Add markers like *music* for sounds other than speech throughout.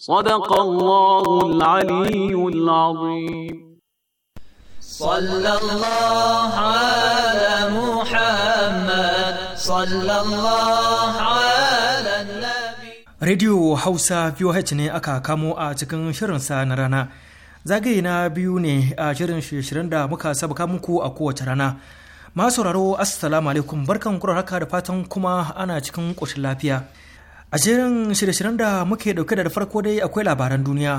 صدق الله العلي العظيم صلى الله على محمد صلى الله على النبي راديو هausa ne aka kamo a cikin shirinsa na rana zagaye na biyu ne a shirin shirin da muka sabaka muku a kowace rana masu sauraro assalamu alaikum barkan kurar haka da fatan kuma ana cikin ƙoshin lafiya A jerin shirye-shiryen da muke dauke da farko dai akwai labaran duniya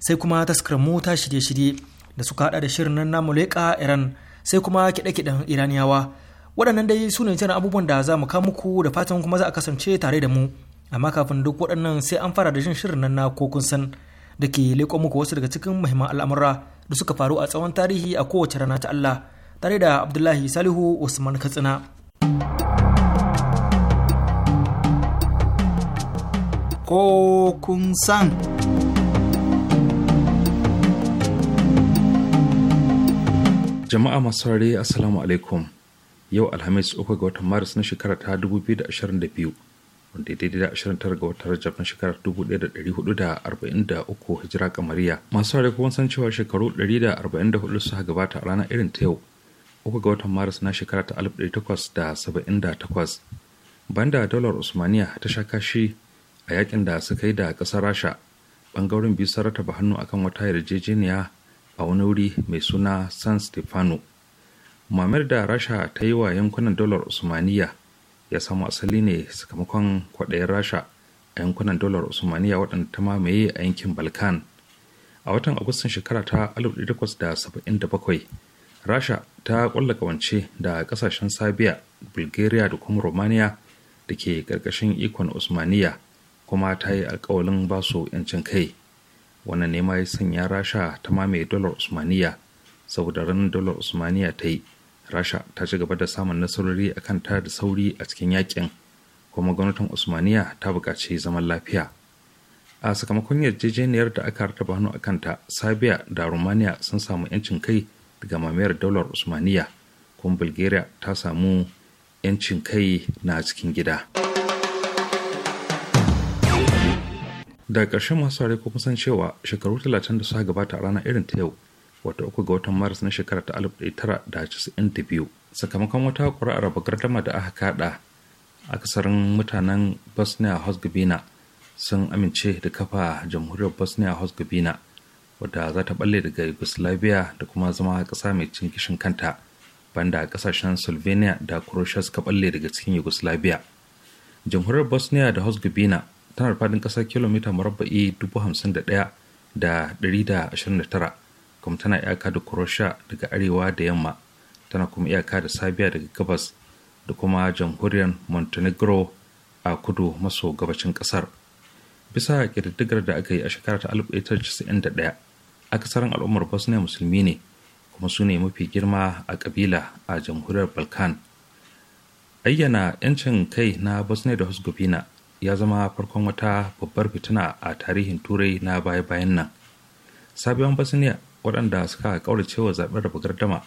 sai kuma taskar mota shirye-shirye da suka hada da shirin nan namu leƙa Iran sai kuma kiɗe-kiɗen Iraniyawa. Waɗannan dai su ne abubuwan da za mu kawo muku da fatan kuma za a kasance tare da mu. Amma kafin duk waɗannan sai an fara da jin shirin nan na ko kun san da ke leƙo muku wasu daga cikin muhimman al'amura da suka faru a tsawon tarihi a kowace rana ta Allah tare da Abdullahi Salihu Usman Katsina. ko kun san. Jama'a masu saurare Assalamu alaikum. Yau Alhamis uku ga watan Maris na shekara ta 2022 wanda daidai da 29 ga watan Rajab na shekarar 1443 Hijira kamariya. Masu saurare kuma san cewa shekaru 144 suka gabata a ranar irin ta yau. Uku ga watan Maris na shekara ta 1878 banda daular Usmaniya ta sha kashi a yakin da suka yi da ƙasar rasha bangaren biyu sun rataba hannu akan wata yarjejeniya a wani wuri mai suna san stefano mamar da rasha ta yi wa yankunan dolar usmaniya ya samu asali ne sakamakon kwaɗayin rasha a yankunan dolar usmaniya waɗanda ta mamaye a yankin balkan a watan agustan shekara ta 1877 rasha ta ƙulla ƙawance da ƙasashen sabiya bulgaria da kuma romania da ke ƙarƙashin ikon usmaniya kuma ta yi alkawalin ba su 'yancin kai wannan nema ya sanya rasha ta mamaye dolar usmaniya saboda ranar dolar usmaniya ta yi rasha ta ci gaba da samun nasarori a kan ta da sauri a cikin yakin kuma gwamnatin usmaniya ta buƙaci zaman lafiya a sakamakon yarjejeniyar da aka rataba hannu a kanta sabiya da romania sun samu 'yancin kai daga mamayar dolar usmaniya kuma bulgaria ta samu 'yancin kai na cikin gida. da ƙarshen masu ware kuma san cewa shekaru 30 da suka gabata a ranar irin ta yau wata uku ga watan maris na shekarar ta da biyu. sakamakon wata ƙuri'ar gardama da aka kada akasarin mutanen bosnia herzegovina sun amince da kafa jamhuriyar bosnia herzegovina wadda za ta balle daga yugoslavia da kuma zama ƙasa mai cin kishin kanta banda ƙasashen slovenia da croatia suka balle daga cikin yugoslavia jamhuriyar bosnia da herzegovina tana da faɗin ƙasa kilomita da 51,129 kuma tana iyaka da kurosha daga arewa da yamma tana kuma iyaka da sabiya daga gabas da kuma jamhuriyar montenegro a kudu maso gabacin ƙasar bisa kididdigar da aka yi a shekarar ta 1991 akasarin al'ummar bosnia musulmi ne kuma su ne mafi girma a kabila a jamhuriyar balkan ayyana 'yancin kai na bosnia da herzegovina ya zama farkon wata babbar fitina a tarihin turai na baya-bayan nan sabiyan basiniya waɗanda suka kaurace wa zaɓen da gardama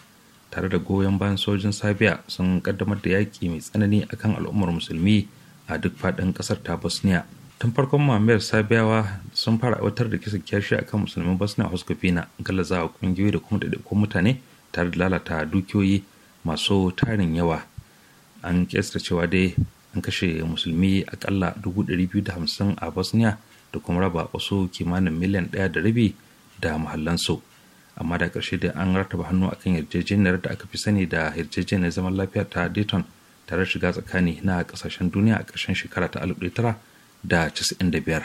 tare da goyon bayan sojin sabiya sun kaddamar da yaƙi mai tsanani akan al'ummar musulmi a duk faɗin ƙasar ta bosnia tun farkon mamayar sabiyawa sun fara aiwatar da kisan kyashi akan musulmin bosnia herzegovina galazawa ƙungiyoyi da kuma ɗaiɗaikun mutane tare da lalata dukiyoyi masu tarin yawa an kesta cewa dai an kashe musulmi akalla 250 a bosnia da kuma raba wasu kimanin miliyan ɗaya da rabi da mahallansu amma da ƙarshe da an rataba hannu akan yarjejeniyar da aka fi sani da yarjejeniyar zaman lafiya ta dayton tare shiga tsakani na kasashen duniya a ƙarshen shekara ta 1995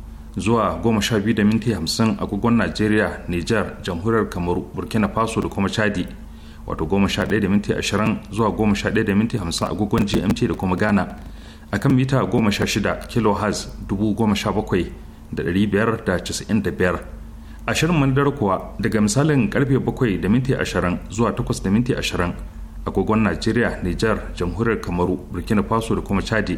zuwa goma sha biyu da minti agogon najeriya niger jamhuriyar kamaru burkina faso da kuma chadi wato 11:20 sha ɗaya da zuwa goma sha ɗaya agogon gmt da kuma ghana a kan mita goma sha shida kilohertz dubu goma sha bakwai da ɗari biyar da da biyar ashirin manadar kuwa daga misalin karfe bakwai da minti ashirin zuwa takwas da minti ashirin agogon najeriya niger jamhuriyar kamaru burkina faso da kuma chadi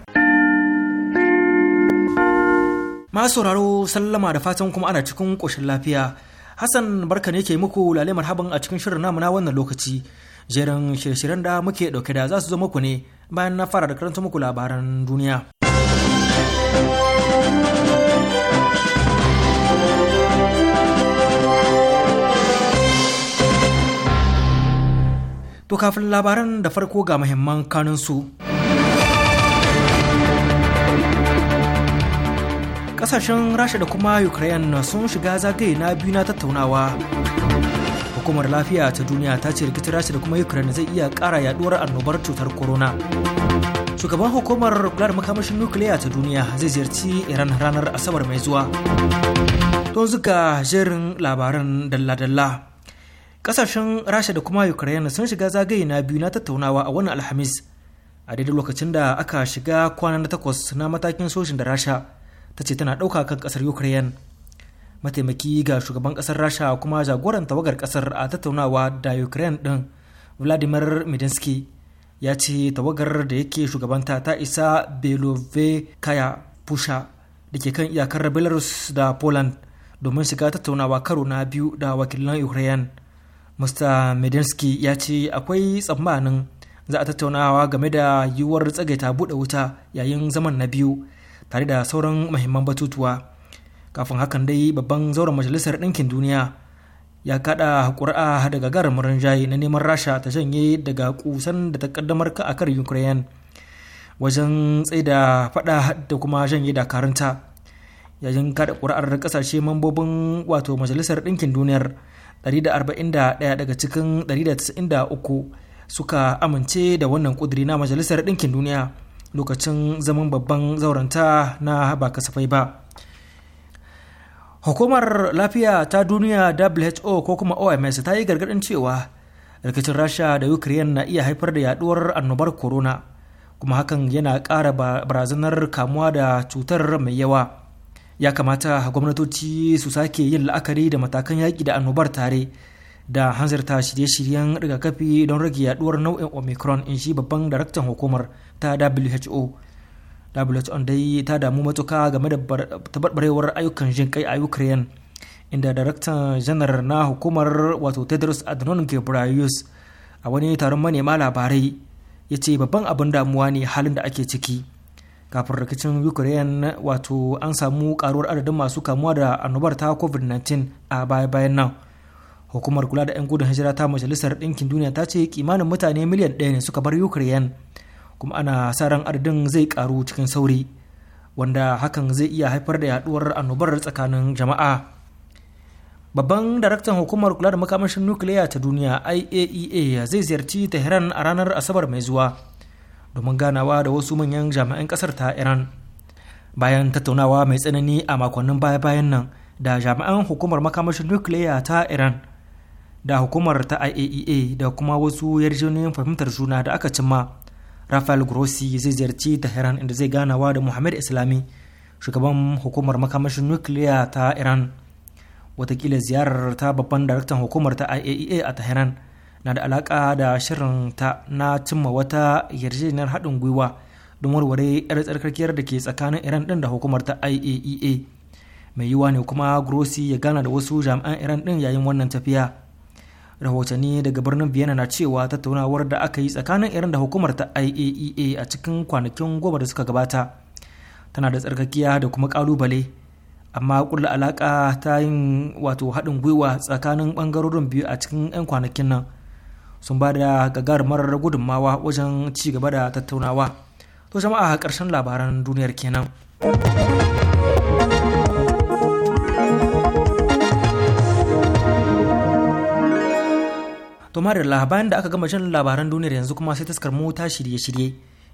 Masu sauraro sallama da fatan kuma ana cikin ƙoshin lafiya. Hassan barka ne ke muku lale marhaban a cikin shirin namu na wannan lokaci. Jerin shirye-shiryen da muke ɗauke da za su zo muku ne bayan na fara da karanta muku labaran duniya. To kafin labaran da farko ga muhimman kanunsu. su. kasashen rasha da kuma ukraine sun shiga zagaye na biyu na tattaunawa hukumar lafiya ta duniya ta ce rikicin rasha da kuma ukraine zai iya kara yaduwar annobar cutar corona shugaban hukumar kula da makamashin nukiliya ta duniya zai ziyarci iran ranar asabar mai zuwa don zuga jerin labaran dalla-dalla kasashen rasha da kuma ukraine sun shiga zagaye na biyu na tattaunawa a wannan alhamis a daidai lokacin da aka shiga kwana na takwas na matakin sojin da rasha ta ce tana ɗauka kan ƙasar ukraine mataimaki ga shugaban ƙasar rasha kuma jagoran tawagar ƙasar a tattaunawa da ukraine ɗin vladimir medinsky ya ce tawagar da yake shugabanta ta isa belove kaya pusha da ke kan iyakar belarus da poland domin shiga tattaunawa karo na biyu da wakilan ukraine mr medinsky ya ce akwai tsammanin za a tattaunawa game da yiwuwar tsagaita buɗe wuta yayin zaman na biyu tare da sauran mahimman batutuwa kafin hakan dai babban zauren majalisar ɗinkin duniya ya kaɗa ƙuri'a daga gagarumin jayi na neman rasha ta janye daga kusan da ta kaddamar ka a kan ukraine wajen tsaida faɗa da kuma janye dakarunta yayin kada ƙuri'ar ƙasashe mambobin wato majalisar ɗinkin duniyar 141 daga cikin 193 suka amince da wannan ƙuduri na majalisar ɗinkin duniya lokacin zaman babban zauranta na ba kasafai ba hukumar lafiya ta duniya who ko kuma oms ta yi gargadin cewa rikicin rasha da ukraine na iya haifar da yaduwar annobar corona kuma hakan yana ƙara barazanar kamuwa da cutar mai yawa ya kamata gwamnatoci su sake yin la'akari da matakan yaƙi da annobar tare da hanzarta shirye-shiryen rigakafi don rage yaduwar nau'in omicron in shi babban daraktan hukumar ta who who dai ta damu matuka game da tabarbarewar ayyukan jin kai a ukraine inda daraktan janar na hukumar wato tedros adhanom ghebreyesus a wani taron manema labarai ya ce babban abin damuwa ne halin da ake ciki kafin rikicin ukraine wato an samu karuwar adadin masu kamuwa da annobar ta covid-19 a baya-bayan nan hukumar kula da 'yan gudun hijira ta majalisar ɗinkin duniya ta ce kimanin mutane miliyan ɗaya ne suka bar ukraine kuma ana sa ran adadin zai karu cikin sauri wanda hakan zai iya haifar da yaduwar annobar tsakanin jama'a babban daraktan hukumar kula da makamashin nukiliya ta duniya iaea e zai ziyarci tehran a ranar asabar mai zuwa domin ganawa da wasu manyan jami'an kasar ta iran bayan tattaunawa mai tsanani a makonnin baya-bayan nan da jami'an hukumar makamashin nukiliya ta iran da hukumar ta iaea e da kuma wasu yarjejeniyar fahimtar juna da aka cimma rafael grossi zai ziyarci tehran inda zai ganawa da muhammad islami shugaban hukumar makamashin nukiliya ta iran watakila ziyarar ta babban daraktan hukumar ta iaea e a tehran na da alaka da shirin ta na cimma wata yarjejeniyar haɗin gwiwa don warware yar tsarkakiyar da ke tsakanin iran din da hukumar ta iaea e mai yiwa ne kuma grossi ya gana da wasu jami'an iran din yayin wannan tafiya rahotanni daga birnin vienna na cewa tattaunawar da aka yi tsakanin irin da hukumar ta iaea e a cikin kwanakin goma da suka gabata tana da tsarkakiya da kuma kalubale amma kulla alaka ta yin wato haɗin gwiwa tsakanin ɓangarorin biyu a cikin 'yan kwanakin nan sun ba da gagarumar gudunmawa wajen ci gaba da tattaunawa to jama'a ƙarshen labaran duniyar kenan. to marilla bayan da aka gama jan labaran duniyar yanzu kuma sai taskar mu ta shirye-shirye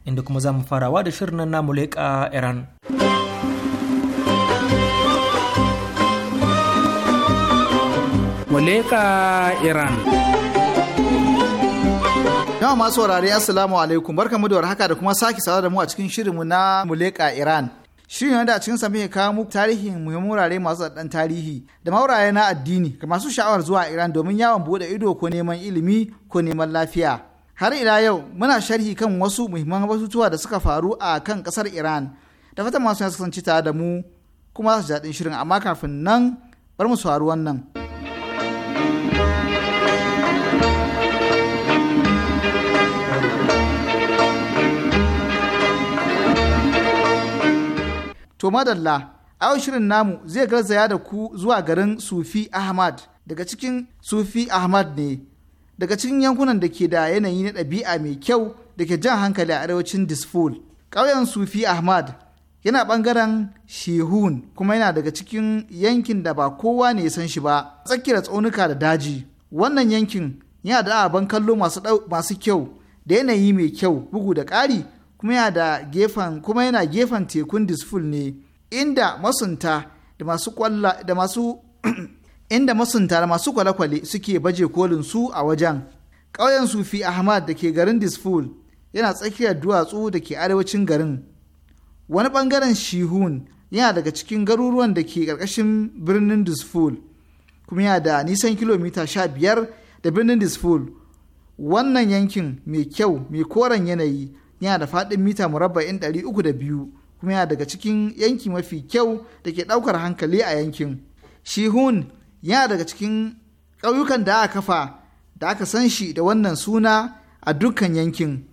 inda kuma za mu farawa da shirin nan namu leƙa iran Muleka Iran. Yawa masu wurare Assalamu alaikum barkamu da warhaka da kuma sake sawa da mu a cikin shirinmu na Muleka Iran. Shirin da cikin samfin ya kawo muku tarihin muhimmin wurare masu ɗan tarihi da mauraye na addini ga masu sha'awar zuwa Iran domin yawon buɗe ido ko neman ilimi ko neman lafiya. Har ila yau muna sharhi kan wasu muhimman batutuwa da suka faru a kan kasar Iran da fatan masu kasance tare da mu kuma su daɗin shirin amma kafin nan bar mu saurari wannan. To madalla, a shirin namu zai garzaya da ku zuwa garin Sufi Ahmad daga cikin Sufi Ahmad ne daga cikin yankunan da ke da yanayi na ɗabi'a mai kyau da ke jan hankali a arewacin Disful. Ƙauyen Sufi Ahmad yana ɓangaren shehun kuma yana daga cikin yankin da ba kowa ne san shi ba tsakiyar tsaunuka da daji. Wannan yankin yana da aban kallo masu kyau da yanayi mai kyau bugu da ƙari kuma yana gefen tekun disful ne inda masunta da masu kwalla da masu *clears throat* inda masunta da masu kwale-kwale suke baje kolin su a wajen ƙauyen sufi ahmad da ke garin disful yana tsakiyar duwatsu da ke arewacin garin wani bangaren shihun yana daga cikin garuruwan da ke ƙarƙashin birnin disful kuma yana da nisan kilomita sha biyar da birnin disful wannan yankin mai kyau mai koren yanayi yana da faɗin mita murabba'in ɗari uku da biyu kuma yana daga cikin yanki mafi kyau da ke ɗaukar hankali a yankin. Shihun yana daga cikin ƙauyukan da aka kafa da aka san shi da wannan suna a dukkan yankin.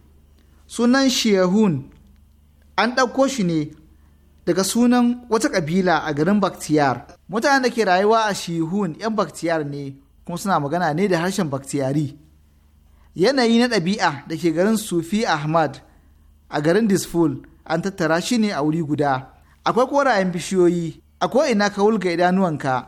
Sunan Shihun an ɗauko shi ne daga sunan wata ƙabila a garin Baktiyar. Mutanen da ke rayuwa a Shihun 'yan Baktiyar ne kuma suna magana ne da harshen Baktiyari. Yanayi na ɗabi'a da ke garin Sufi Ahmad a garin Disful an tattara shi ne a wuri guda. Akwai korayen bishiyoyi, A ko'ina ka wulga idanuwanka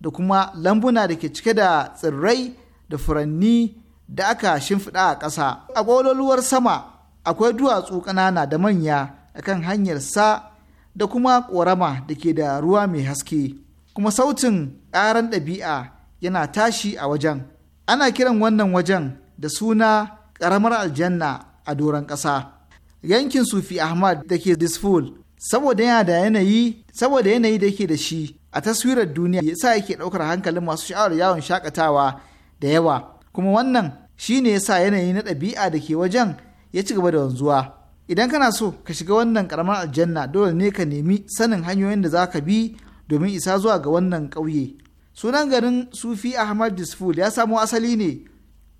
da kuma lambuna da ke cike da tsirrai da furanni da aka shimfiɗa a ƙasa. A ƙololuwar sama akwai duwatsu ƙanana da manya akan hanyar sa da kuma ƙorama da ke da ruwa mai haske. Kuma sautin ƙaran ɗabi'a yana tashi a wajen. Ana kiran wannan wajen da suna ƙaramar aljanna a doron ƙasa. yankin sufi ahmad da ke disful saboda yana da yanayi saboda yanayi da ke da shi a taswirar duniya ya sa yake daukar hankalin masu sha'awar yawon shakatawa da yawa kuma wannan shi ne ya sa yanayi na ɗabi'a da ke wajen ya ci gaba da wanzuwa idan kana so ka shiga wannan karamar aljanna dole ne ka nemi sanin hanyoyin da za ka bi domin isa zuwa ga wannan ƙauye sunan garin sufi ahmad disful ya samo asali ne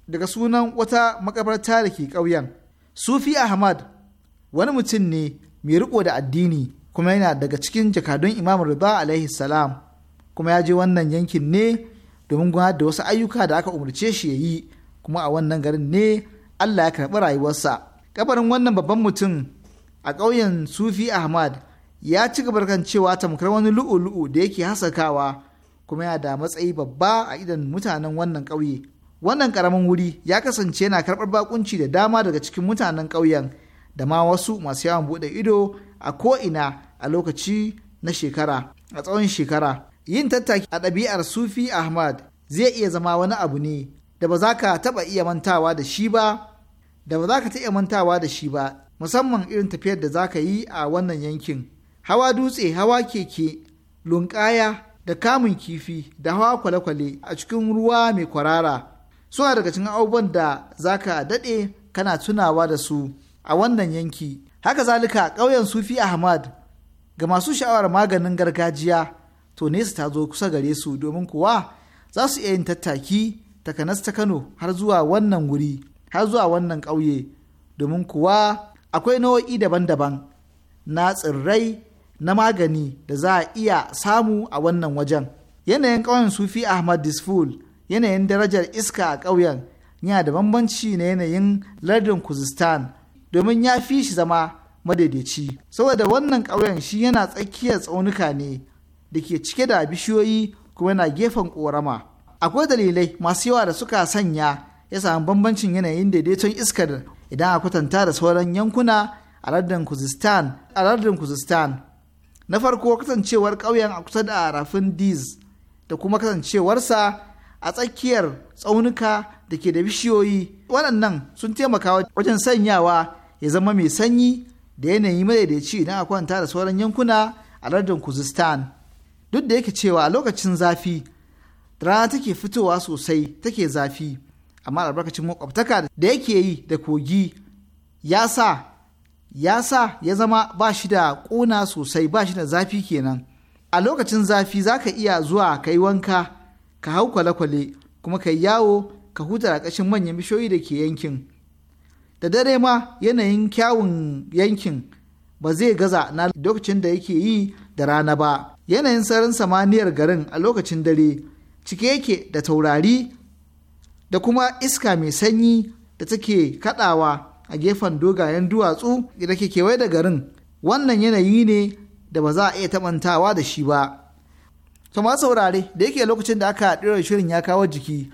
daga sunan wata makabarta da ke ƙauyen sufi ahmad wani mutum ne mai riko da addini kuma yana daga cikin jakadun imam rida alaihi salam kuma ya je wannan yankin ne domin gudanar da wasu ayyuka da aka umarce shi ya yi kuma a wannan garin ne allah ya karɓi rayuwarsa kabarin wannan babban mutum a ƙauyen sufi ahmad ya ci gaba da cewa tamkar wani lu'u-lu'u da yake hasakawa kuma yana da matsayi babba a idan mutanen wannan ƙauye wannan ƙaramin wuri ya kasance yana karɓar bakunci da dama daga cikin mutanen ƙauyen da ma wasu masu yawon buɗe ido a ko'ina a lokaci na shekara a tsawon shekara yin tattaki a ɗabi'ar sufi ahmad zai iya zama wani abu ne da ba za ka taɓa iya mantawa da shi ba da ba za ka taɓa mantawa da shi ba musamman irin tafiyar da za ka yi a wannan yankin hawa dutse hawa keke lunƙaya da kamun kifi da hawa kwale-kwale a cikin ruwa mai kwarara suna daga cikin abubuwan da za ka daɗe kana tunawa da su a wannan yanki haka zalika ƙauyen sufi ahmad ga masu sha'awar maganin gargajiya to nesa ta zo kusa gare su domin kuwa za su iya yin tattaki takanas ta kano har zuwa wannan wuri har zuwa wannan ƙauye domin kuwa akwai nau'o'i daban-daban na tsirrai na magani da za a iya samu a wannan wajen yanayin ƙauyen sufi ahmad disful yanayin darajar iska a ƙauyen yana da bambanci na yanayin lardin kuzistan domin ya fi shi zama madaidaici saboda wannan ƙauyen shi yana tsakiyar tsaunuka ne da ke cike da bishiyoyi kuma yana gefen ƙorama akwai dalilai masu yawa da suka sanya ya samu bambancin yanayin daidaiton iskar idan a kwatanta da sauran yankuna a lardin kuzistan a lardin kuzistan na farko kasancewar ƙauyen a kusa da rafin diz da kuma kasancewarsa a tsakiyar tsaunuka da ke da bishiyoyi waɗannan sun taimaka wajen sanyawa ya zama mai sanyi da yanayi madaidaici idan a kwanta da sauran yankuna a lardin kuzistan duk da yake cewa a lokacin zafi rana take fitowa sosai take zafi amma albarkacin makwabtaka da yake yi da kogi ya sa ya sa ya zama ba shi da ƙuna sosai ba shi da zafi kenan a lokacin zafi za ka iya zuwa ka yi wanka ka hau kwale-kwale kuma ka yi yawo ka huta a ƙashin manyan bishiyoyi da ke yankin da dare ma yanayin kyawun yankin ba zai gaza na lokacin da yake yi da rana ba yanayin sararin samaniyar garin a lokacin dare cike yake da taurari da kuma iska mai sanyi da take kadawa a gefen dogayen duwatsu da ke kewaye da garin wannan yanayi ne da ba za a iya tamantawa da shi ba to ma saurare da yake lokacin da aka ɗora shirin ya kawo jiki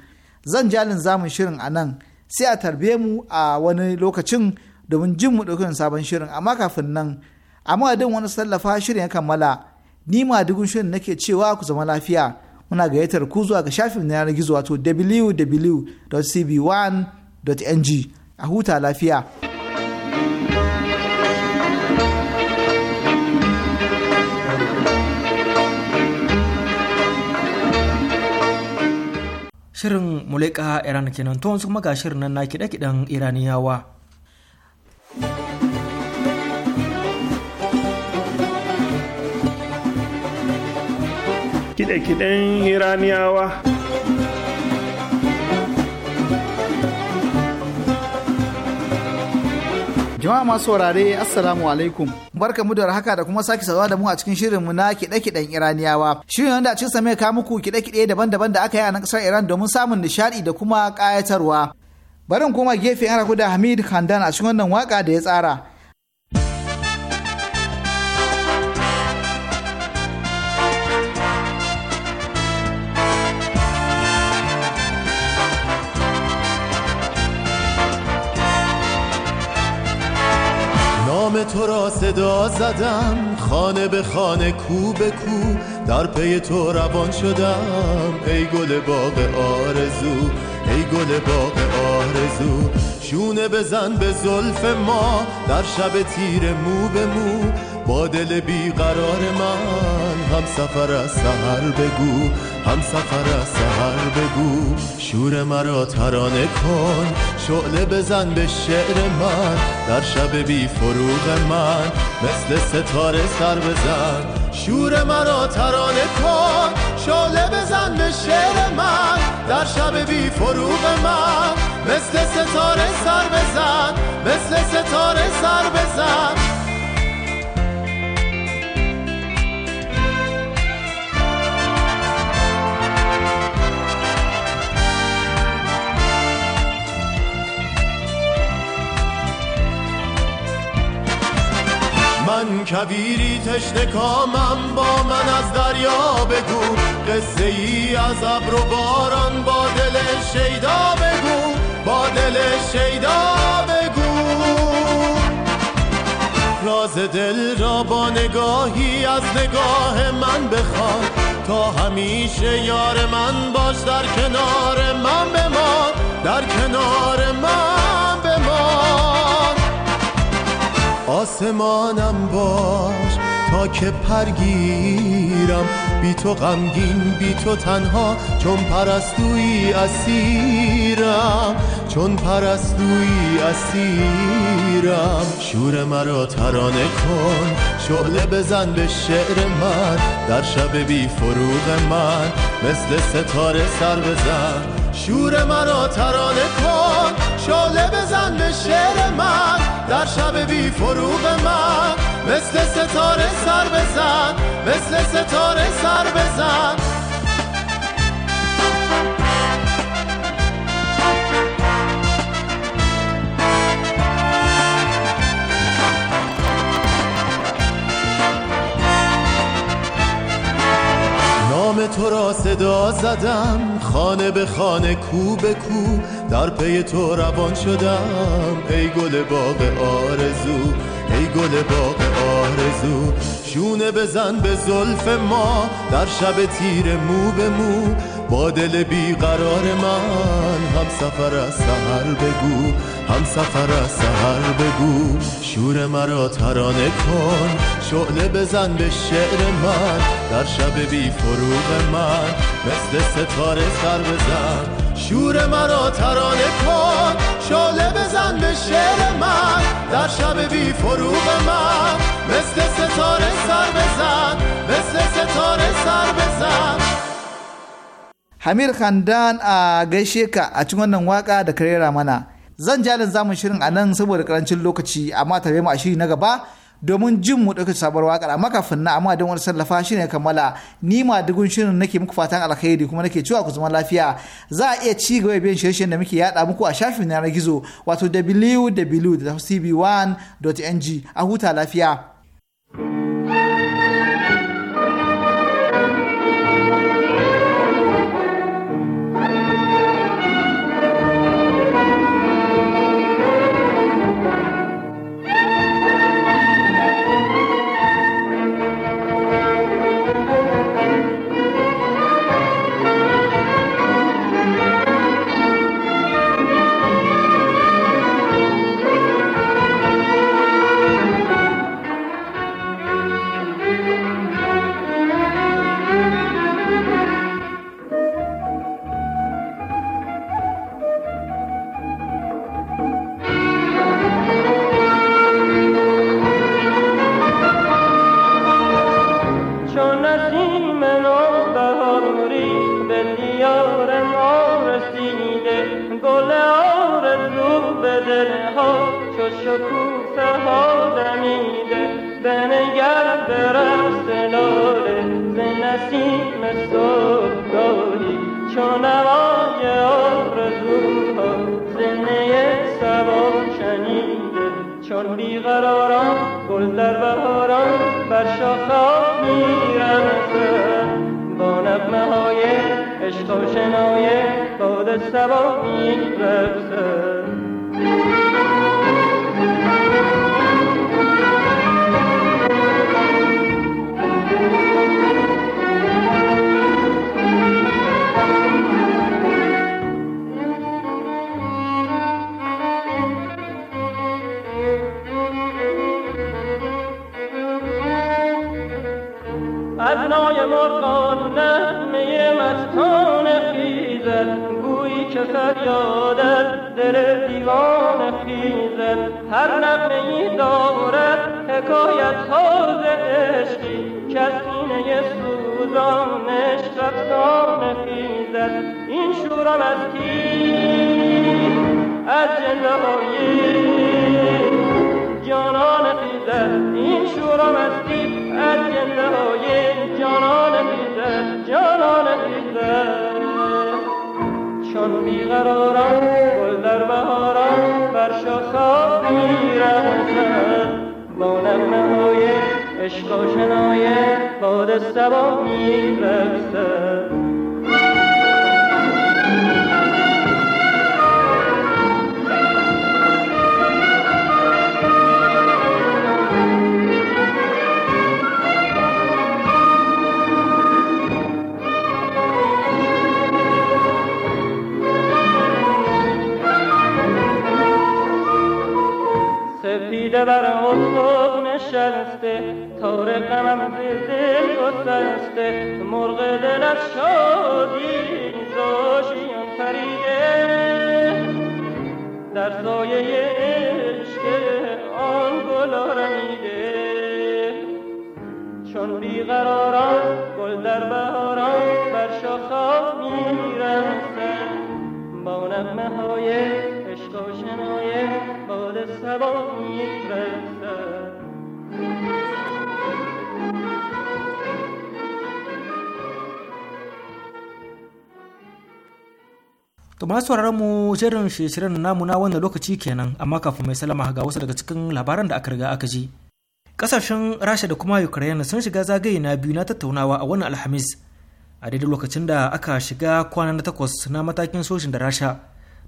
zan jalin zamun shirin a nan sai a tarbe mu a wani lokacin domin jin mu ɗauki sabon shirin amma kafin nan a madadin wani sallafa shirin ya kammala ni ma dugun shirin nake cewa ku zama lafiya muna gayyatar ku zuwa ga shafin na yanar gizo wato www.cb1.ng a huta lafiya. Shirin Muleka Iran kenan to yanzu kuma ga shirin nan na kiɗe kiɗan Iraniyawa. kiɗe kiɗan Iraniyawa. Jama'a masu saurare Assalamu alaikum. Barka mu da haka da kuma sake sauwa da mu a cikin mu na kiɗe-kiɗen Iraniyawa. Shirin wanda a cikin sa ka muku kiɗe-kiɗe daban-daban da aka yi a nan ƙasar Iran domin samun nishaɗi da kuma ƙayatarwa. Barin kuma gefe ana da Hamid Khandan a cikin wannan waka da ya tsara. نام تو را صدا زدم خانه به خانه کو به کو در پی تو روان شدم ای گل باغ آرزو ای گل باغ آرزو شونه بزن به زلف ما در شب تیر مو به مو با دل بیقرار من هم سفر از سهر بگو هم سفر از سهر بگو شور مرا ترانه کن شعله بزن به شعر من در شب بی فروغ من مثل ستاره سر بزن شور مرا ترانه کن شعله بزن به شعر من در شب بی فروغ من مثل ستاره سر بزن مثل ستاره سر بزن من کبیری تشنه کامم با من از دریا بگو قصه ای از ابر و باران با دل شیدا بگو با دل شیدا بگو راز دل را با نگاهی از نگاه من بخواد تا همیشه یار من باش در کنار من بمان در کنار من بمان آسمانم باش تا که پرگیرم بی تو غمگین بی تو تنها چون پرستوی اسیرم چون پرستوی اسیرم شور مرا ترانه کن شعله بزن به شعر من در شب بی فروغ من مثل ستاره سر بزن شور مرا ترانه کن شعله بزن به شعر من در شب بی فروغ من مثل ستاره سر بزن مثل ستاره سر بزن تو را صدا زدم خانه به خانه کو به کو در پی تو روان شدم ای گل باغ آرزو ای گل باغ آرزو شونه بزن به زلف ما در شب تیر مو به مو با دل بیقرار من هم سفر از سحر بگو هم سفر از سهر بگو شور مرا ترانه کن شعله بزن به شعر من در شب بی فروغ من مثل ستاره سر بزن شور مرا ترانه کن شاله بزن به شعر من در شب بی فروغ من مثل ستاره سر بزن مثل ستاره سر بزن Hamir Khandan a gaishe ka a cikin wannan waka da karera mana. Zan jalin zamun shirin a nan saboda karancin lokaci amma tare mu a shiri na gaba domin jin mu ɗauki sabuwar waƙar amma kafin na amma don wani sallafa shi ne kammala ni ma dugun shirin nake muku fatan alkhairi kuma nake cewa ku zama lafiya za a iya ci gaba biyan shirye da muke yaɗa muku a shafin yanar gizo wato www.tv1.ng a huta lafiya. de savants دارد دل دیوان خیزد هر نقمه ای دارد حکایت ها عشقی که از کینه رفتان خیزد این شورم از کی از جنده جانان خیزد این شورم از کی از جنده بیقرارم گل در بهارم بر شاخها میرسد، با نغمه های عشق آشنای باد سبا دل گسسته مرغ دل از شادی زاشیان پریده در سایه عشق آن گل آرمیده چون بیقراران گل در بهاران بر شاخا میرسن با نغمه های عشق و شنای باد سبا میرسن To masu sauraron mu shirin shirin namu na wannan lokaci kenan amma kafin mai salama ga wasu daga cikin labaran da aka riga aka ji. Kasashen Rasha da kuma Ukraine sun shiga zagaye na biyu na tattaunawa a wannan Alhamis. A daidai lokacin da aka shiga kwana na takwas na matakin soshin da Rasha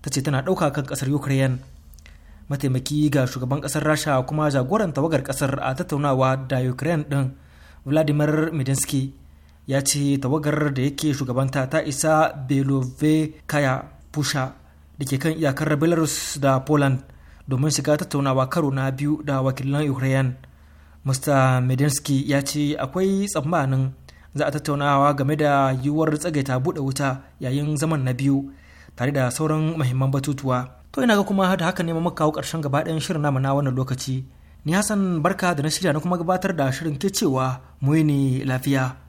ta ce tana ɗauka kan ƙasar Ukraine. Mataimaki ga shugaban ƙasar Rasha kuma jagoran tawagar kasar a tattaunawa da Ukraine ɗin Vladimir Medinsky ya ce tawagar da yake shugabanta ta isa Belovekaya fusha da ke kan iyakar belarus da poland domin shiga tattaunawa karo na biyu da wakilan ukraine mr medinsky ya ce akwai tsammanin za a tattaunawa game da yiwuwar tsagaita buɗe wuta yayin zaman na biyu tare da sauran mahimman batutuwa to ina ga kuma da haka ne muka kawo karshen gaba ɗayan shirin namu na wannan lokaci ni hasan barka da na shirya na kuma gabatar da shirin ke cewa mu ne lafiya